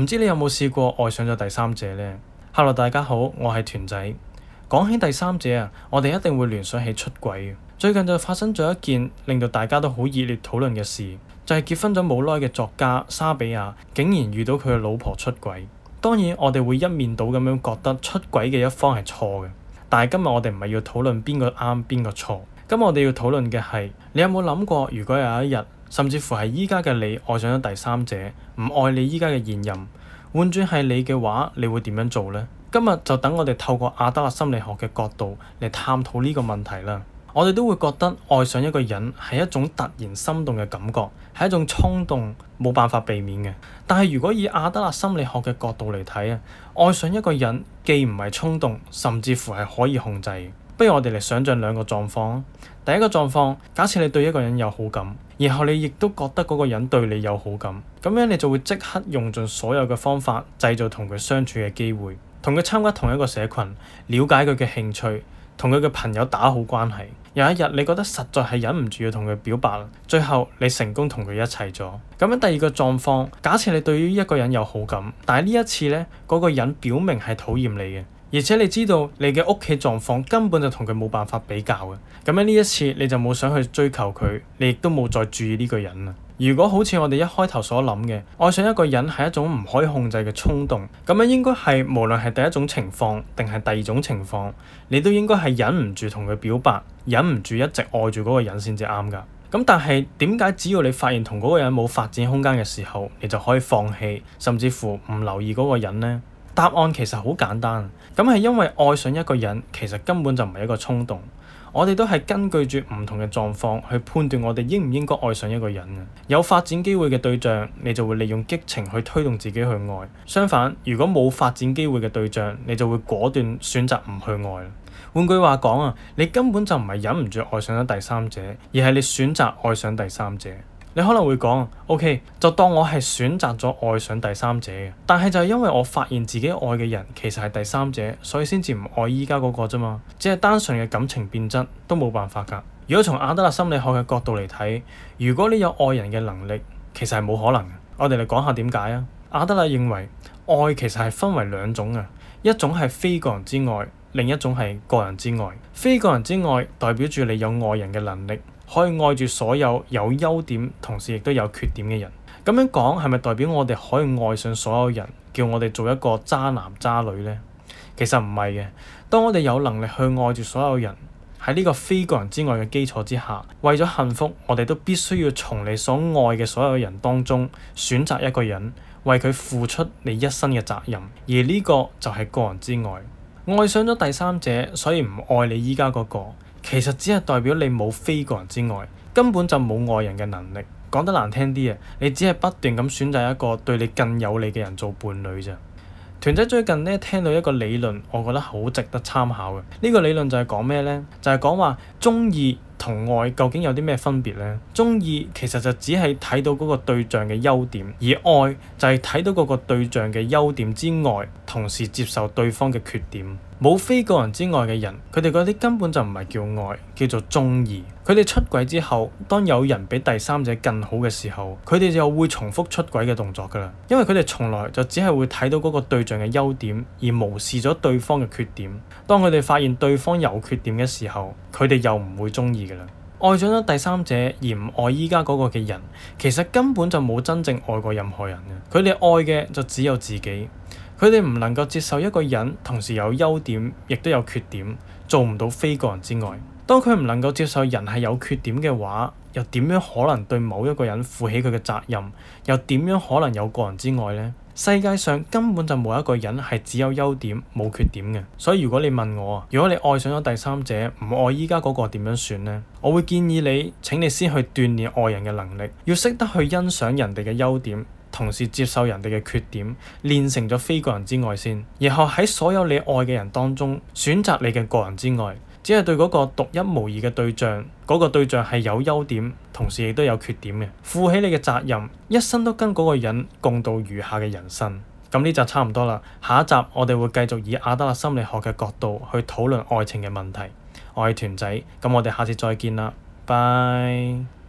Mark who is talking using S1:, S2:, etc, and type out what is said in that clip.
S1: 唔知你有冇試過愛上咗第三者呢？Hello 大家好，我係豚仔。講起第三者啊，我哋一定會聯想起出軌。最近就發生咗一件令到大家都好熱烈討論嘅事，就係結婚咗冇耐嘅作家莎比亞，竟然遇到佢嘅老婆出軌。當然，我哋會一面倒咁樣覺得出軌嘅一方係錯嘅。但係今日我哋唔係要討論邊個啱邊個錯，今日我哋要討論嘅係，你有冇諗過如果有一日？甚至乎係而家嘅你愛上咗第三者，唔愛你而家嘅現任。換轉係你嘅話，你會點樣做呢？今日就等我哋透過阿德勒心理學嘅角度嚟探討呢個問題啦。我哋都會覺得愛上一個人係一種突然心動嘅感覺，係一種衝動，冇辦法避免嘅。但係如果以阿德勒心理學嘅角度嚟睇啊，愛上一個人既唔係衝動，甚至乎係可以控制。不如我哋嚟想象兩個狀況。第一個狀況，假設你對一個人有好感，然後你亦都覺得嗰個人對你有好感，咁樣你就會即刻用盡所有嘅方法，製造同佢相處嘅機會，同佢參加同一個社群，了解佢嘅興趣，同佢嘅朋友打好關係。有一日，你覺得實在係忍唔住要同佢表白，最後你成功同佢一齊咗。咁樣第二個狀況，假設你對於一個人有好感，但係呢一次呢，嗰個人表明係討厭你嘅。而且你知道你嘅屋企狀況根本就同佢冇辦法比較嘅，咁樣呢一次你就冇想去追求佢，你亦都冇再注意呢個人啦。如果好似我哋一開頭所諗嘅，愛上一個人係一種唔可以控制嘅衝動，咁樣應該係無論係第一種情況定係第二種情況，你都應該係忍唔住同佢表白，忍唔住一直愛住嗰個人先至啱㗎。咁但係點解只要你發現同嗰個人冇發展空間嘅時候，你就可以放棄，甚至乎唔留意嗰個人呢？答案其實好簡單，咁係因為愛上一個人其實根本就唔係一個衝動，我哋都係根據住唔同嘅狀況去判斷我哋應唔應該愛上一個人。有發展機會嘅對象，你就會利用激情去推動自己去愛。相反，如果冇發展機會嘅對象，你就會果斷選擇唔去愛。換句話講啊，你根本就唔係忍唔住愛上咗第三者，而係你選擇愛上第三者。你可能會講，OK，就當我係選擇咗愛上第三者嘅，但係就係因為我發現自己愛嘅人其實係第三者，所以先至唔愛依家嗰個啫嘛，只係單純嘅感情變質都冇辦法㗎。如果從阿德勒心理學嘅角度嚟睇，如果你有愛人嘅能力，其實係冇可能。我哋嚟講下點解啊？阿德勒認為愛其實係分為兩種嘅，一種係非個人之愛，另一種係個人之愛。非個人之愛代表住你有愛人嘅能力。可以愛住所有有優點同時亦都有缺點嘅人，咁樣講係咪代表我哋可以愛上所有人，叫我哋做一個渣男渣女呢？其實唔係嘅。當我哋有能力去愛住所有人，喺呢個非個人之愛嘅基礎之下，為咗幸福，我哋都必須要從你所愛嘅所有人當中選擇一個人，為佢付出你一生嘅責任。而呢個就係個人之愛。愛上咗第三者，所以唔愛你依家嗰個。其實只係代表你冇非個人之外，根本就冇愛人嘅能力。講得難聽啲啊，你只係不斷咁選擇一個對你更有利嘅人做伴侶咋。團仔最近呢，聽到一個理論，我覺得好值得參考嘅。呢個理論就係講咩呢？就係講話中意。同愛究竟有啲咩分別呢？中意其實就只係睇到嗰個對象嘅優點，而愛就係睇到嗰個對象嘅優點之外，同時接受對方嘅缺點。冇非個人之外嘅人，佢哋嗰啲根本就唔係叫愛，叫做中意。佢哋出軌之後，當有人比第三者更好嘅時候，佢哋就會重複出軌嘅動作㗎啦。因為佢哋從來就只係會睇到嗰個對象嘅優點，而無視咗對方嘅缺點。當佢哋發現對方有缺點嘅時候，佢哋又唔會中意㗎啦。愛上咗第三者而唔愛而家嗰個嘅人，其實根本就冇真正愛過任何人嘅。佢哋愛嘅就只有自己，佢哋唔能夠接受一個人同時有優點亦都有缺點，做唔到非個人之愛。當佢唔能夠接受人係有缺點嘅話，又點樣可能對某一個人負起佢嘅責任？又點樣可能有個人之愛咧？世界上根本就冇一個人係只有優點冇缺點嘅，所以如果你問我啊，如果你愛上咗第三者，唔愛而家嗰個點樣算呢？我會建議你請你先去鍛鍊愛人嘅能力，要識得去欣賞人哋嘅優點，同時接受人哋嘅缺點，練成咗非個人之愛先，然後喺所有你愛嘅人當中選擇你嘅個人之愛。只係對嗰個獨一無二嘅對象，嗰個對象係有優點，同時亦都有缺點嘅。負起你嘅責任，一生都跟嗰個人共度餘下嘅人生。咁呢集差唔多啦。下一集我哋會繼續以阿德勒心理學嘅角度去討論愛情嘅問題。我係豚仔，咁我哋下次再見啦，拜。